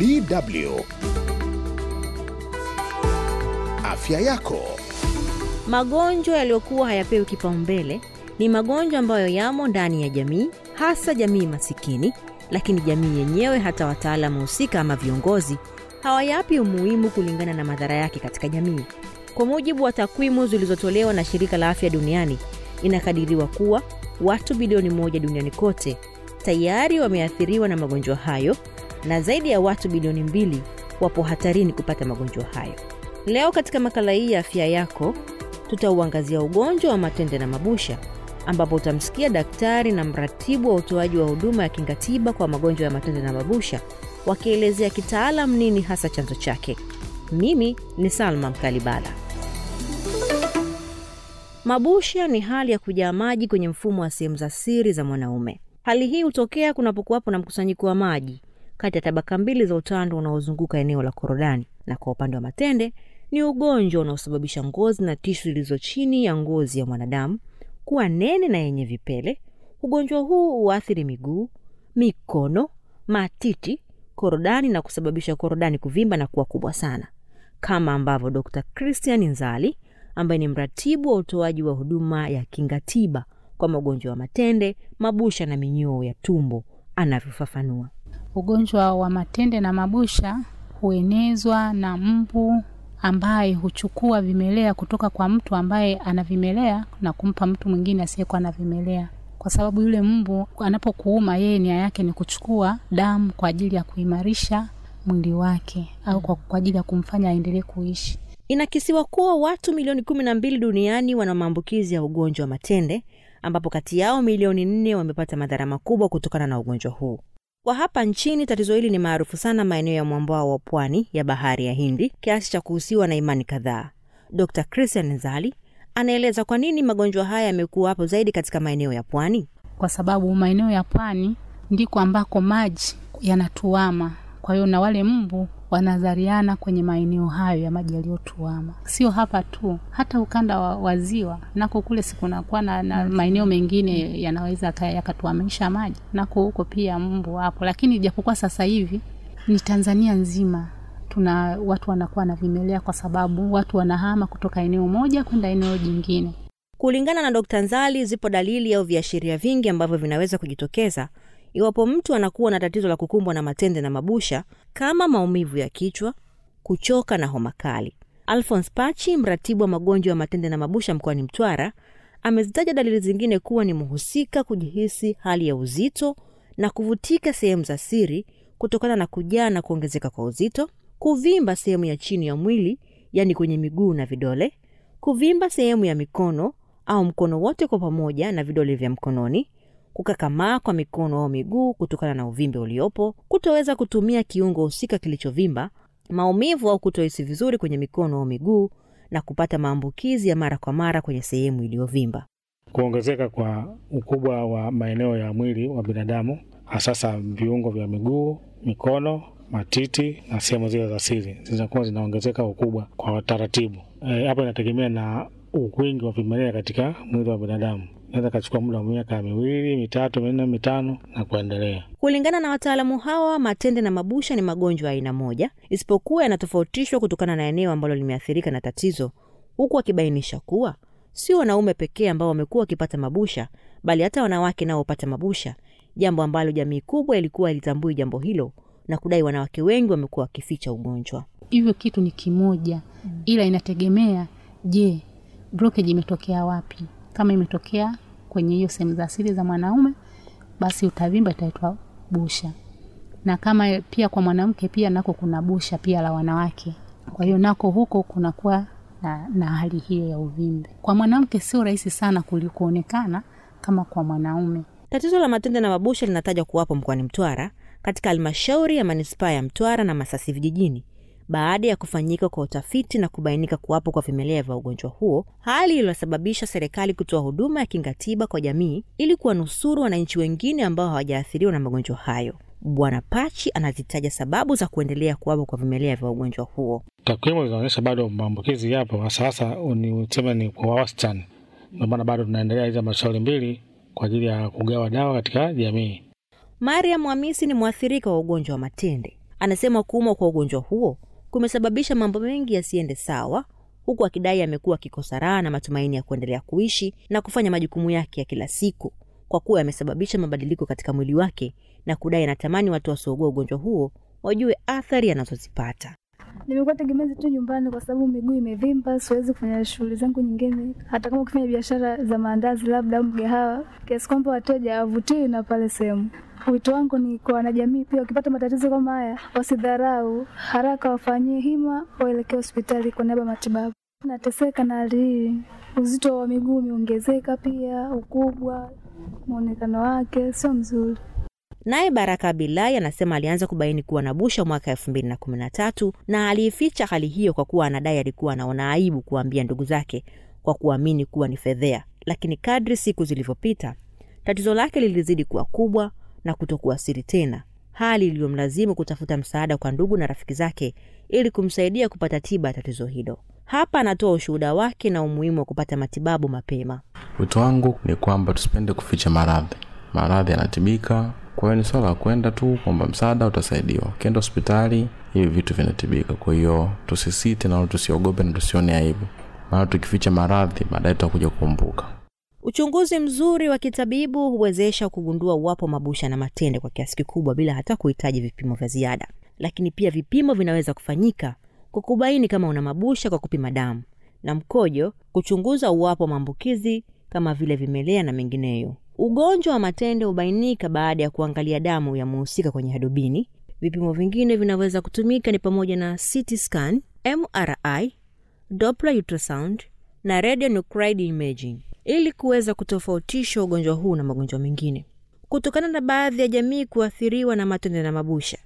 DW Afya Yako. Magonjwa yaliyokuwa hayapewi kipaumbele ni magonjwa ambayo yamo ndani ya jamii, hasa jamii masikini, lakini jamii yenyewe, hata wataalamu husika ama viongozi hawayapi umuhimu kulingana na madhara yake katika jamii. Kwa mujibu wa takwimu zilizotolewa na Shirika la Afya Duniani, inakadiriwa kuwa watu bilioni moja duniani kote tayari wameathiriwa na magonjwa hayo na zaidi ya watu bilioni mbili wapo hatarini kupata magonjwa hayo. Leo katika makala hii ya afya yako tutauangazia ugonjwa wa matende na mabusha ambapo utamsikia daktari na mratibu wa utoaji wa huduma ya kingatiba kwa magonjwa ya matende na mabusha wakielezea kitaalam nini hasa chanzo chake. Mimi ni Salma Mkalibala. Mabusha ni hali ya kujaa maji kwenye mfumo wa sehemu za siri za mwanaume. Hali hii hutokea kunapokuwapo na mkusanyiko wa maji kati ya tabaka mbili za utando unaozunguka eneo la korodani, na kwa upande wa matende ni ugonjwa unaosababisha ngozi na tishu zilizo chini ya ngozi ya mwanadamu kuwa nene na yenye vipele. Ugonjwa huu huathiri miguu, mikono, matiti, korodani na kusababisha korodani kuvimba na kuwa kubwa sana, kama ambavyo Dr. Christian Nzali ambaye ni mratibu wa utoaji wa huduma ya kingatiba kwa magonjwa ya matende, mabusha na minyoo ya tumbo anavyofafanua. Ugonjwa wa matende na mabusha huenezwa na mbu ambaye huchukua vimelea kutoka kwa mtu ambaye ana vimelea na kumpa mtu mwingine asiyekuwa na vimelea, kwa sababu yule mbu anapokuuma, yeye nia yake ni kuchukua damu kwa ajili ya kuimarisha mwili wake au kwa, ajili ya kumfanya aendelee kuishi. Inakisiwa kuwa watu milioni kumi na mbili duniani wana maambukizi ya ugonjwa wa matende ambapo kati yao milioni nne wamepata madhara makubwa kutokana na ugonjwa huu. Kwa hapa nchini tatizo hili ni maarufu sana maeneo ya mwambao wa pwani ya bahari ya Hindi kiasi cha kuhusiwa na imani kadhaa. Dr. Christian zali anaeleza kwa nini magonjwa haya yamekuwa hapo zaidi katika maeneo ya pwani. Kwa sababu maeneo ya pwani ndiko ambako maji yanatuama kwa hiyo na wale mbu wanazaliana kwenye maeneo hayo ya maji yaliyotuama, sio hapa tu, hata ukanda wa, waziwa ziwa nako kule sikunakuwa na, na mm. maeneo mengine yanaweza yakatuamisha maji, nako huko pia mbu hapo. Lakini japokuwa sasa hivi ni Tanzania nzima tuna watu wanakuwa na vimelea kwa sababu watu wanahama kutoka eneo moja kwenda eneo jingine. Kulingana na dokta Nzali, zipo dalili au viashiria vingi ambavyo vinaweza kujitokeza Iwapo mtu anakuwa na tatizo la kukumbwa na matende na mabusha kama maumivu ya kichwa, kuchoka na homa kali. alfons Pachi, mratibu wa magonjwa ya matende na mabusha mkoani Mtwara, amezitaja dalili zingine kuwa ni mhusika kujihisi hali ya uzito na kuvutika sehemu za siri kutokana na kujaa na kuongezeka kwa uzito, kuvimba sehemu ya chini ya mwili, yani kwenye miguu na vidole, kuvimba sehemu ya mikono au mkono wote kwa pamoja na vidole vya mkononi, kukakamaa kwa mikono au miguu kutokana na uvimbe uliopo, kutoweza kutumia kiungo husika kilichovimba, maumivu au kutohisi vizuri kwenye mikono au miguu, na kupata maambukizi ya mara kwa mara kwenye sehemu iliyovimba. Kuongezeka kwa ukubwa wa maeneo ya mwili wa binadamu, hasasa viungo vya miguu, mikono, matiti na sehemu zile za siri zinakuwa zinaongezeka ukubwa kwa taratibu. Eh, Hapo e, inategemea na wingi wa vimelea katika mwili wa binadamu naweza kachukua muda wa miaka miwili mitatu minne mitano na kuendelea. Kulingana na wataalamu hawa, matende na mabusha ni magonjwa ya aina moja, isipokuwa yanatofautishwa kutokana na eneo ambalo limeathirika na tatizo, huku wakibainisha kuwa sio wanaume pekee ambao wamekuwa wakipata mabusha, bali hata wanawake nao hupata mabusha, jambo ambalo jamii kubwa ilikuwa ilitambui jambo hilo na kudai wanawake wengi wamekuwa wakificha ugonjwa. Hivyo kitu ni kimoja, mm. ila inategemea, je, imetokea wapi? Kama imetokea kwenye hiyo sehemu za asili za mwanaume, basi utavimba itaitwa busha, na kama pia kwa mwanamke pia nako kuna busha pia la wanawake. Kwa hiyo nako huko kunakuwa na, na hali hiyo ya uvimbe. Kwa mwanamke sio rahisi sana kulikuonekana kama kwa mwanaume. Tatizo la matende na mabusha linatajwa kuwapo mkoani Mtwara katika halmashauri ya manispaa ya Mtwara na Masasi vijijini baada ya kufanyika kwa utafiti na kubainika kuwapo kwa vimelea vya ugonjwa huo, hali iliyosababisha serikali kutoa huduma ya kingatiba kwa jamii ili kuwanusuru wananchi wengine ambao hawajaathiriwa na magonjwa hayo. Bwana Pachi anazitaja sababu za kuendelea kuwapo kwa vimelea vya ugonjwa huo. Takwimu zinaonyesha bado maambukizi yapo, hasahasa nisema ni kwa wastani, ndio maana bado tunaendelea hizi halmashauri mbili kwa ajili ya kugawa dawa katika jamii. Mariam Hamisi ni mwathirika wa ugonjwa wa matende, anasema kuumwa kwa ugonjwa huo kumesababisha mambo mengi yasiende sawa, huku akidai amekuwa akikosa raha na matumaini ya kuendelea kuishi na kufanya majukumu yake ya kila siku, kwa kuwa yamesababisha mabadiliko katika mwili wake, na kudai anatamani watu wasiogua ugonjwa huo wajue athari anazozipata nimekuwa tegemezi tu nyumbani, kwa sababu miguu imevimba, siwezi kufanya shughuli zangu nyingine, hata kama ukifanya biashara za maandazi labda au mgahawa, kiasi kwamba wateja wavutii na pale sehemu. Wito wangu ni kwa wanajamii pia, wakipata matatizo kama haya wasidharau, haraka wafanyie hima, waelekee hospitali kwa niaba matibabu. Nateseka na hali hii, uzito wa miguu umeongezeka, pia ukubwa, muonekano wake sio mzuri. Naye Baraka Bilai anasema alianza kubaini kuwa na Busha mwaka 2013 na aliificha hali hiyo kwa kuwa anadai alikuwa anaona aibu kuwaambia ndugu zake kwa kuamini kuwa ni fedhea, lakini kadri siku zilivyopita tatizo lake lilizidi kuwa kubwa na kutokuwa siri tena, hali iliyomlazimu kutafuta msaada kwa ndugu na rafiki zake ili kumsaidia kupata tiba ya tatizo hilo. Hapa anatoa ushuhuda wake na umuhimu wa kupata matibabu mapema. Wito wangu ni kwamba tusipende kuficha maradhi. Maradhi yanatibika, kwa hiyo ni swala la kwenda tu kwamba msaada utasaidiwa, ukienda hospitali hivi vitu vinatibika. Kwa hiyo tusisite na tusiogope na tusione aibu, maana tukificha maradhi baadaye tutakuja kukumbuka. Uchunguzi mzuri wa kitabibu huwezesha kugundua uwapo mabusha na matende kwa kiasi kikubwa bila hata kuhitaji vipimo vya ziada, lakini pia vipimo vinaweza kufanyika kwa kubaini kama una mabusha kwa kupima damu na mkojo, kuchunguza uwapo maambukizi kama vile vimelea na mengineyo. Ugonjwa wa matende hubainika baada ya kuangalia damu ya mhusika kwenye hadubini. Vipimo vingine vinaweza kutumika ni pamoja na CT scan, MRI, Doppler ultrasound na radionuclide imaging ili kuweza kutofautisha ugonjwa huu na magonjwa mengine. Kutokana na baadhi ya jamii kuathiriwa na matende na mabusha,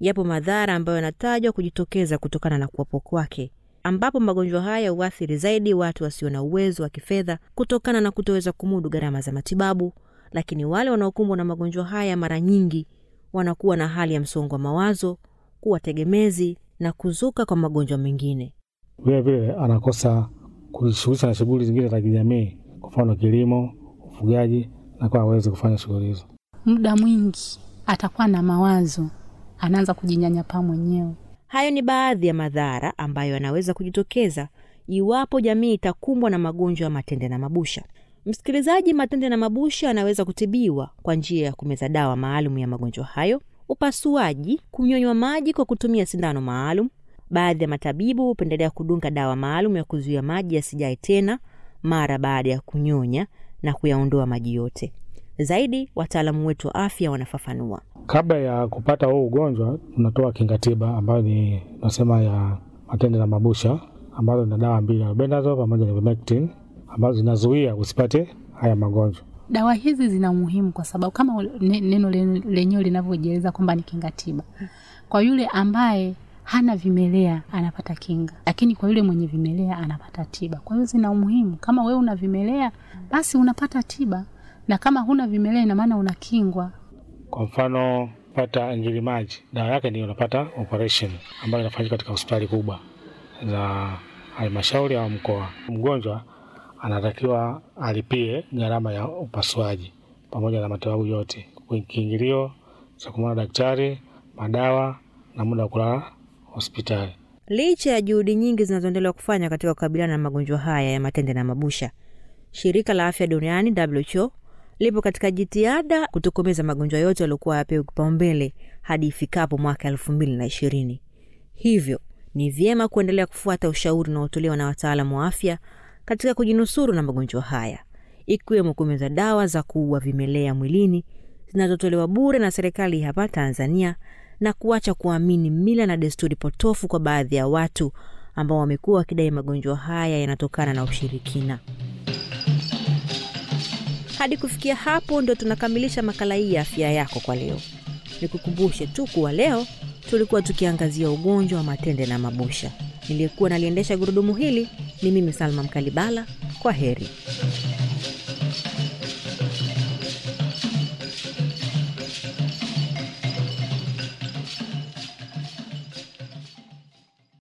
yapo madhara ambayo yanatajwa kujitokeza kutokana na kuwapo kwake ambapo magonjwa haya huathiri zaidi watu wasio na uwezo wa kifedha kutokana na kutoweza kumudu gharama za matibabu, lakini wale wanaokumbwa na magonjwa haya mara nyingi wanakuwa na hali ya msongo wa mawazo, kuwa tegemezi na kuzuka kwa magonjwa mengine. Vilevile anakosa kujishughulisha na shughuli zingine za kijamii, kwa mfano kilimo, ufugaji, na awezi kufanya shughuli hizo. Muda mwingi atakuwa na mawazo, anaanza kujinyanyapaa mwenyewe. Hayo ni baadhi ya madhara ambayo yanaweza kujitokeza iwapo jamii itakumbwa na magonjwa ya matende na mabusha. Msikilizaji, matende na mabusha yanaweza kutibiwa kwa njia ya kumeza dawa maalum ya magonjwa hayo, upasuaji, kunyonywa maji kwa kutumia sindano maalum. Baadhi ya matabibu hupendelea kudunga dawa maalum ya kuzuia maji yasijae tena mara baada ya kunyonya na kuyaondoa maji yote. Zaidi, wataalamu wetu wa afya wanafafanua. Kabla ya kupata huu ugonjwa tunatoa kinga tiba ambayo ni nasema ya matende na mabusha, ambazo na dawa mbili, albendazole pamoja na ivermectin, ambazo zinazuia usipate haya magonjwa. Dawa hizi zina umuhimu kwa sababu kama neno lenyewe linavyojieleza kwamba ni kinga tiba, kwa yule ambaye hana vimelea anapata kinga, lakini kwa yule mwenye vimelea anapata tiba. Kwa hiyo zina umuhimu. Kama wewe una vimelea, basi unapata tiba, na kama huna vimelea, inamaana unakingwa. Kwa mfano pata ngiri maji, dawa yake ndio unapata operation ambayo inafanyika katika hospitali kubwa za halmashauri au mkoa. Mgonjwa anatakiwa alipie gharama ya upasuaji pamoja na matibabu yote, kiingilio cha kumwona daktari, madawa na muda wa kulala hospitali. Licha ya juhudi nyingi zinazoendelewa kufanywa katika kukabiliana na magonjwa haya ya matende na mabusha, shirika la afya duniani WHO lipo katika jitihada kutokomeza magonjwa yote yaliokuwa yapewi kipaumbele hadi ifikapo mwaka elfu mbili na ishirini. Hivyo ni vyema kuendelea kufuata ushauri unaotolewa na wataalamu wa afya katika kujinusuru na magonjwa haya, ikiwemo kumeza dawa za kuua vimelea mwilini zinazotolewa bure na serikali hapa Tanzania na kuacha kuamini mila na desturi potofu kwa baadhi ya watu ambao wamekuwa wakidai magonjwa haya yanatokana na ushirikina. Hadi kufikia hapo, ndo tunakamilisha makala hii ya afya yako kwa leo. Nikukumbushe tu kuwa leo tulikuwa tukiangazia ugonjwa wa matende na mabusha. Niliyekuwa naliendesha gurudumu hili ni mimi Salma Mkalibala. Kwa heri.